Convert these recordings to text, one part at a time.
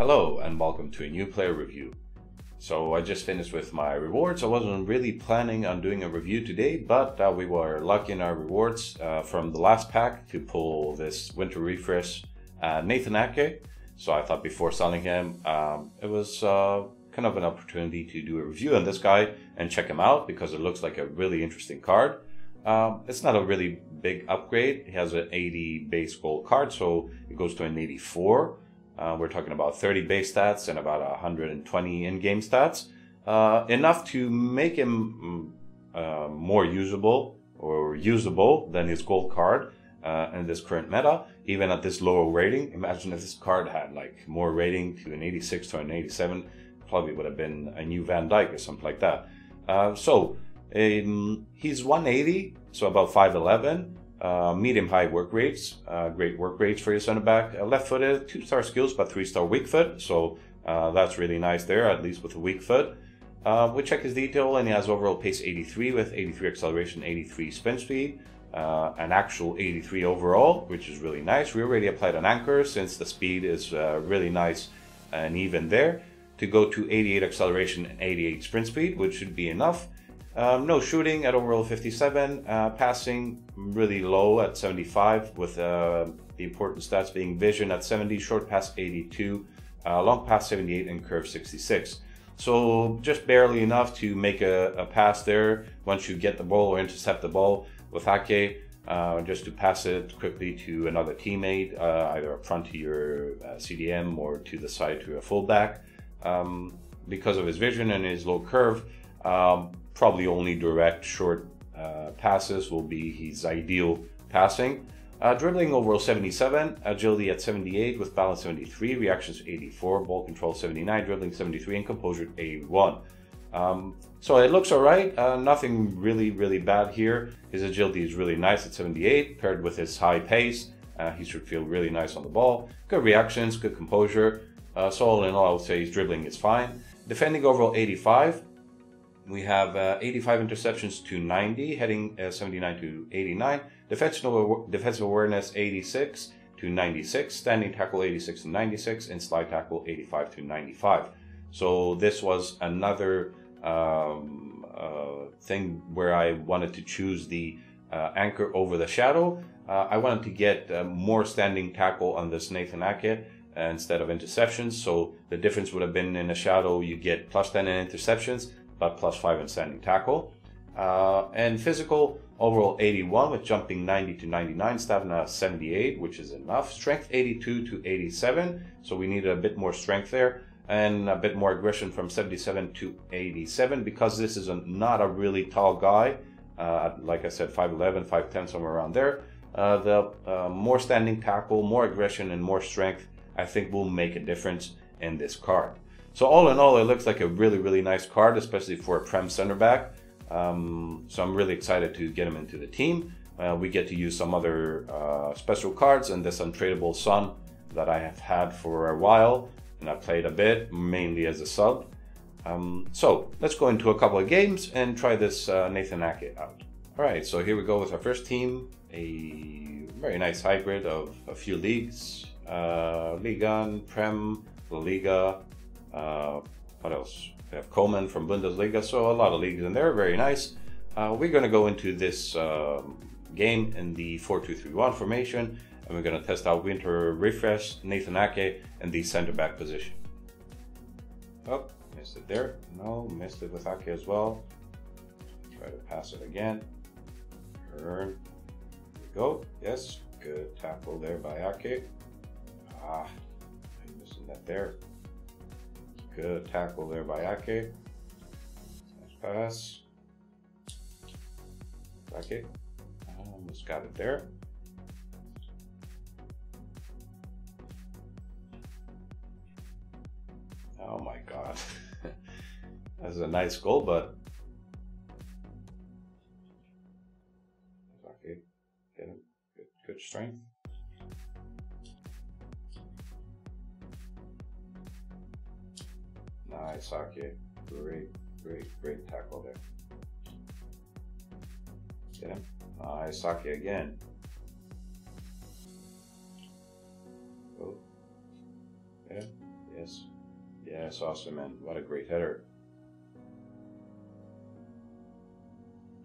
Hello and welcome to a new player review. So I just finished with my rewards. I wasn't really planning on doing a review today, but uh, we were lucky in our rewards uh, from the last pack to pull this winter refresh uh, Nathan Ake. So I thought before selling him, um, it was uh, kind of an opportunity to do a review on this guy and check him out because it looks like a really interesting card. Um, it's not a really big upgrade. He has an 80 base gold card, so it goes to an 84. Uh, we're talking about 30 base stats and about 120 in-game stats. Uh, enough to make him mm, uh, more usable or usable than his gold card uh, in this current meta, even at this lower rating. Imagine if this card had like more rating to an 86 to an 87, probably would have been a new Van Dyke or something like that. Uh, so um, he's 180, so about 5'11 uh, medium high work rates, uh, great work rates for your center back. Uh, left footed, two star skills, but three star weak foot. So uh, that's really nice there, at least with a weak foot. Uh, we check his detail, and he has overall pace 83 with 83 acceleration, 83 spin speed, uh, an actual 83 overall, which is really nice. We already applied an anchor since the speed is really nice and even there. To go to 88 acceleration and 88 sprint speed, which should be enough. Um, no, shooting, at overall 57. Uh, passing, really low at 75, with uh, the important stats being vision at 70, short pass 82, uh, long pass 78, and curve 66. So just barely enough to make a, a pass there once you get the ball or intercept the ball with Hake, uh, just to pass it quickly to another teammate, uh, either up front to your uh, CDM or to the side to a fullback. Um, because of his vision and his low curve, um, probably only direct short uh, passes will be his ideal passing. Uh, dribbling overall 77, agility at 78 with balance 73, reactions 84, ball control 79, dribbling 73, and composure 81. Um, so it looks all right. Uh, nothing really, really bad here. His agility is really nice at 78, paired with his high pace. Uh, he should feel really nice on the ball. Good reactions, good composure. Uh, so all in all, I would say his dribbling is fine. Defending overall 85, we have uh, 85 interceptions to 90, heading uh, 79 to 89. Defensive, defensive awareness 86 to 96, standing tackle 86 to 96, and slide tackle 85 to 95. So this was another um, uh, thing where I wanted to choose the uh, anchor over the shadow. Uh, I wanted to get uh, more standing tackle on this Nathan Ake instead of interceptions. So the difference would have been in a shadow, you get plus 10 in interceptions but plus five in standing tackle. Uh, and physical, overall 81 with jumping 90 to 99, stamina 78, which is enough. Strength 82 to 87, so we need a bit more strength there. And a bit more aggression from 77 to 87 because this is a, not a really tall guy. Uh, like I said, 5'11, 5'10, somewhere around there. Uh, the uh, more standing tackle, more aggression, and more strength, I think will make a difference in this card. So all in all, it looks like a really, really nice card, especially for a Prem center back. Um, so I'm really excited to get him into the team. Uh, we get to use some other uh, special cards and this untradeable Sun that I have had for a while and I played a bit, mainly as a sub. Um, so let's go into a couple of games and try this uh, Nathan Ake out. All right, so here we go with our first team, a very nice hybrid of a few leagues, uh, Ligan, Prem, La Liga, uh, what else? We have Coleman from Bundesliga, so a lot of leagues in there, very nice. Uh, we're going to go into this um, game in the 4-2-3-1 formation, and we're going to test out Winter Refresh, Nathan Ake, and the center back position. Oh, missed it there. No, missed it with Ake as well. Try to pass it again. Turn. go. Yes, good tackle there by Ake. Ah, I'm missing that there. Good tackle there by Ake. Nice pass. Ake. Almost got it there. Oh my god. That's a nice goal, but okay. Get him. Good, good strength. Nice hockey. Great, great, great tackle there. Get him. Nice hockey again. Oh. yeah, Yes. Yes, awesome, man. What a great header.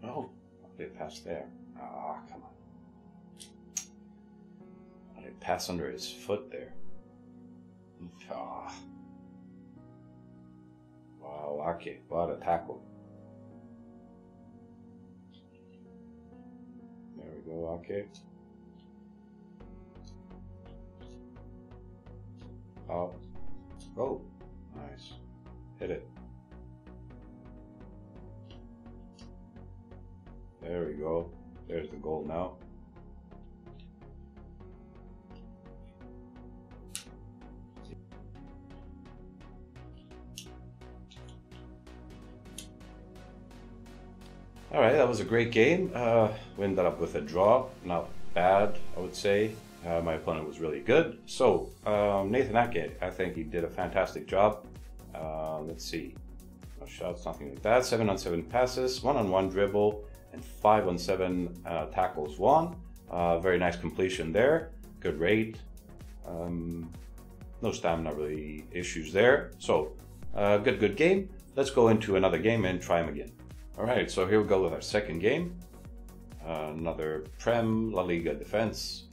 Oh, they passed there. Ah, oh, come on. I did pass under his foot there? Ah. Oh. Wow, okay. what a tackle. There we go, Okay. Oh, Oh, nice. Hit it. There we go. There's the goal now. All right, that was a great game. Uh, we ended up with a draw. Not bad, I would say. Uh, my opponent was really good. So, um, Nathan Ake, I think he did a fantastic job. Uh, let's see. No shots, nothing like that. 7 on 7 passes, 1 on 1 dribble, and 5 on 7 uh, tackles won. Uh, very nice completion there. Good rate. Um, no stamina really issues there. So, uh, good, good game. Let's go into another game and try him again. Alright, so here we go with our second game. Uh, another Prem La Liga defense.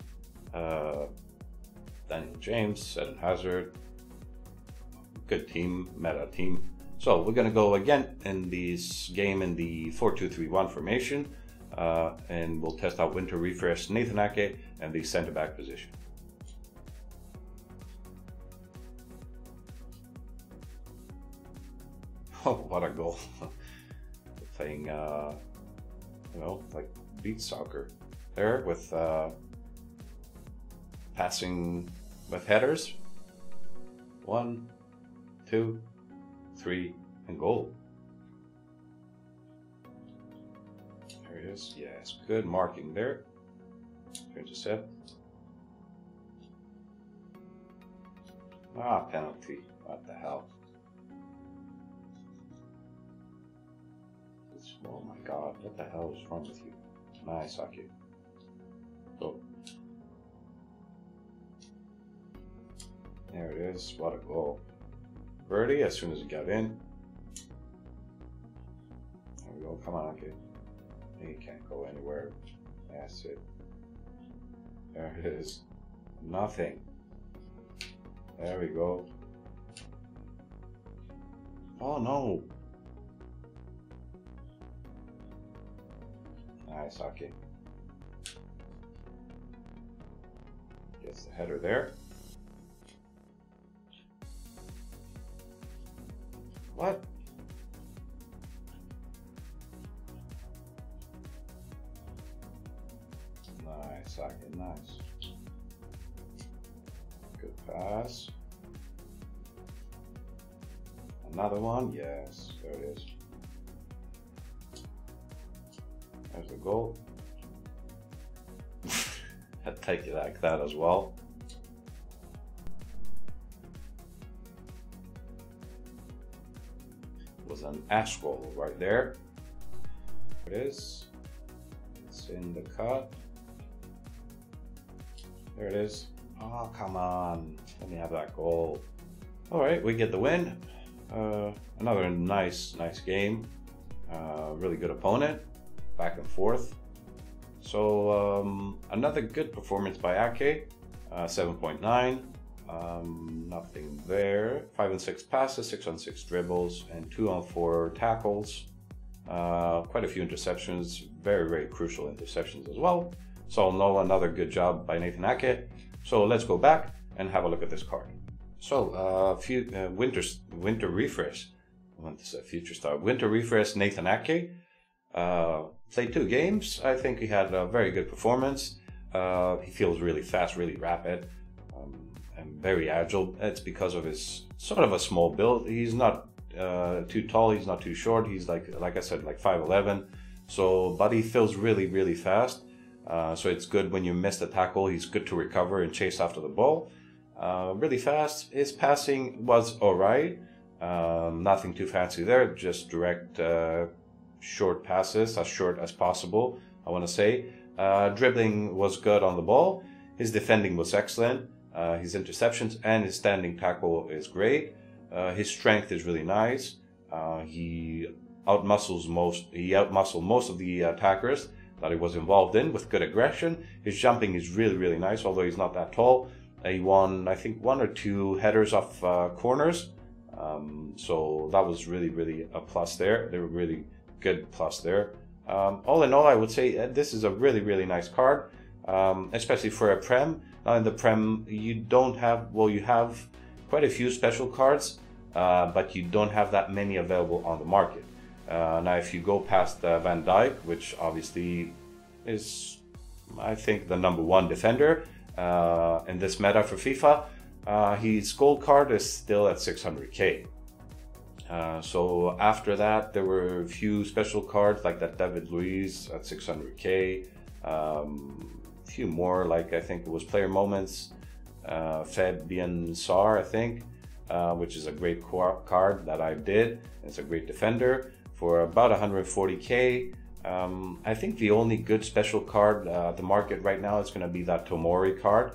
Uh, Daniel James, Eden Hazard. Good team, meta team. So we're going to go again in this game in the 4-2-3-1 formation. Uh, and we'll test out Winter Refresh, Nathan Ake, and the center back position. Oh, what a goal. playing, uh, you know, like Beat Soccer there with uh, passing with headers. One, two, three, and goal. There it is. Yes, good marking there. set. Ah, penalty. What the hell? Oh my god, what the hell is wrong with you? My eye socket. There it is. What a goal. Birdie as soon as he got in. There we go. Come on, kid. He can't go anywhere. That's it. There it is. Nothing. There we go. Oh no! Nice hockey. Gets the header there. What? Nice, socket, nice. Good pass. Another one, yes, there it is. I'd take it like that as well. Was an goal right there. It is. It's in the cut. There it is. Oh, come on. Let me have that goal. All right, we get the win. Uh, another nice, nice game. Uh, really good opponent back and forth. So um, another good performance by Ake, uh, 7.9. Um, nothing there. Five and six passes, six on six dribbles, and two on four tackles. Uh, quite a few interceptions, very very crucial interceptions as well. So no, another good job by Nathan Ake. So let's go back and have a look at this card. So uh, few, uh, winter winter refresh. What is a future star? Winter refresh Nathan Ake. Uh, played two games. I think he had a very good performance. Uh, he feels really fast, really rapid, um, and very agile. It's because of his sort of a small build. He's not uh, too tall. He's not too short. He's like like I said, like five eleven. So, but he feels really, really fast. Uh, so it's good when you miss the tackle. He's good to recover and chase after the ball. Uh, really fast. His passing was alright. Um, nothing too fancy there. Just direct uh, short passes, as short as possible, I want to say. Uh, dribbling was good on the ball. His defending was excellent. Uh, his interceptions and his standing tackle is great. Uh, his strength is really nice. Uh, he outmuscles most. He outmuscled most of the attackers that he was involved in with good aggression. His jumping is really really nice, although he's not that tall. Uh, he won, I think, one or two headers off uh, corners. Um, so that was really really a plus there. They were really good plus there. Um, all in all, I would say uh, this is a really, really nice card, um, especially for a Prem. Now in the Prem, you don't have, well, you have quite a few special cards, uh, but you don't have that many available on the market. Uh, now, if you go past uh, Van Dyke, which obviously is, I think, the number one defender uh, in this meta for FIFA, uh, his gold card is still at 600k. Uh, so after that, there were a few special cards like that David Luiz at 600k, um, a few more like I think it was Player Moments, uh, Fabian Sar, I think, uh, which is a great card that I did. It's a great defender for about 140k. Um, I think the only good special card uh, the market right now is going to be that Tomori card,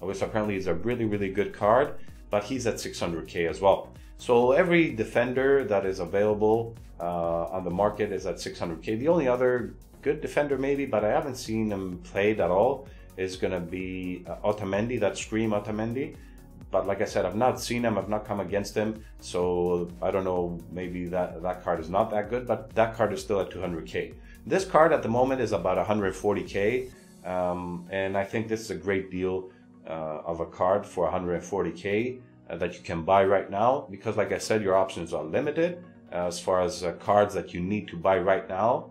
which apparently is a really really good card, but he's at 600k as well. So every defender that is available uh, on the market is at 600k. The only other good defender maybe, but I haven't seen him played at all, is going to be uh, Otamendi, that Scream Otamendi. But like I said, I've not seen him, I've not come against him, so I don't know, maybe that, that card is not that good, but that card is still at 200k. This card at the moment is about 140k, um, and I think this is a great deal uh, of a card for 140k. Uh, that you can buy right now because like I said your options are limited uh, as far as uh, cards that you need to buy right now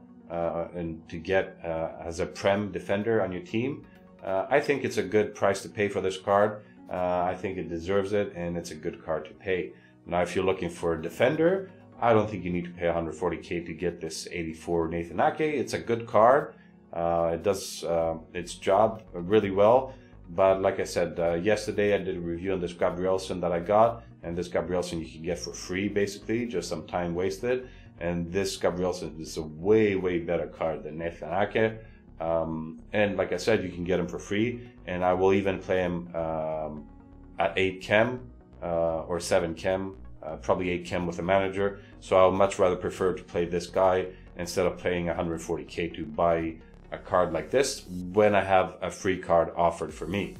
and to get as a prem defender on your team I think it's a good price to pay for this card I think it deserves it and it's a good card to pay now if you're looking for a defender I don't think you need to pay 140k to get this 84 Nathan Ake. It's a good card. Uh, it does uh, its job really well. But like I said, uh, yesterday I did a review on this Gabrielson that I got, and this Gabrielson you can get for free basically, just some time wasted. And this Gabrielson is a way, way better card than Nathan Ake. Um, and like I said, you can get him for free, and I will even play him um, at 8 chem uh, or 7 chem, uh, probably 8 chem with a manager. So I'll much rather prefer to play this guy instead of playing 140k to buy a card like this when I have a free card offered for me.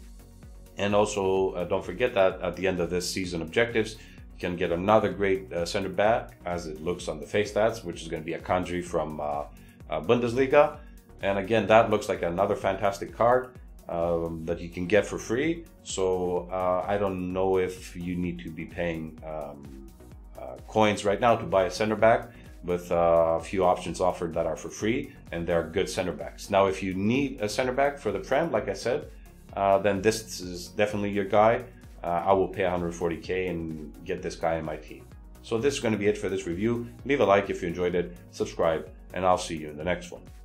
And also, uh, don't forget that at the end of this season objectives, you can get another great uh, center back as it looks on the face stats, which is going to be a Kanji from uh, uh, Bundesliga. And again, that looks like another fantastic card um, that you can get for free. So uh, I don't know if you need to be paying um, uh, coins right now to buy a center back with uh, a few options offered that are for free, and they're good center backs. Now, if you need a center back for the Prem, like I said, uh, then this is definitely your guy. Uh, I will pay 140k and get this guy in my team. So this is going to be it for this review. Leave a like if you enjoyed it, subscribe, and I'll see you in the next one.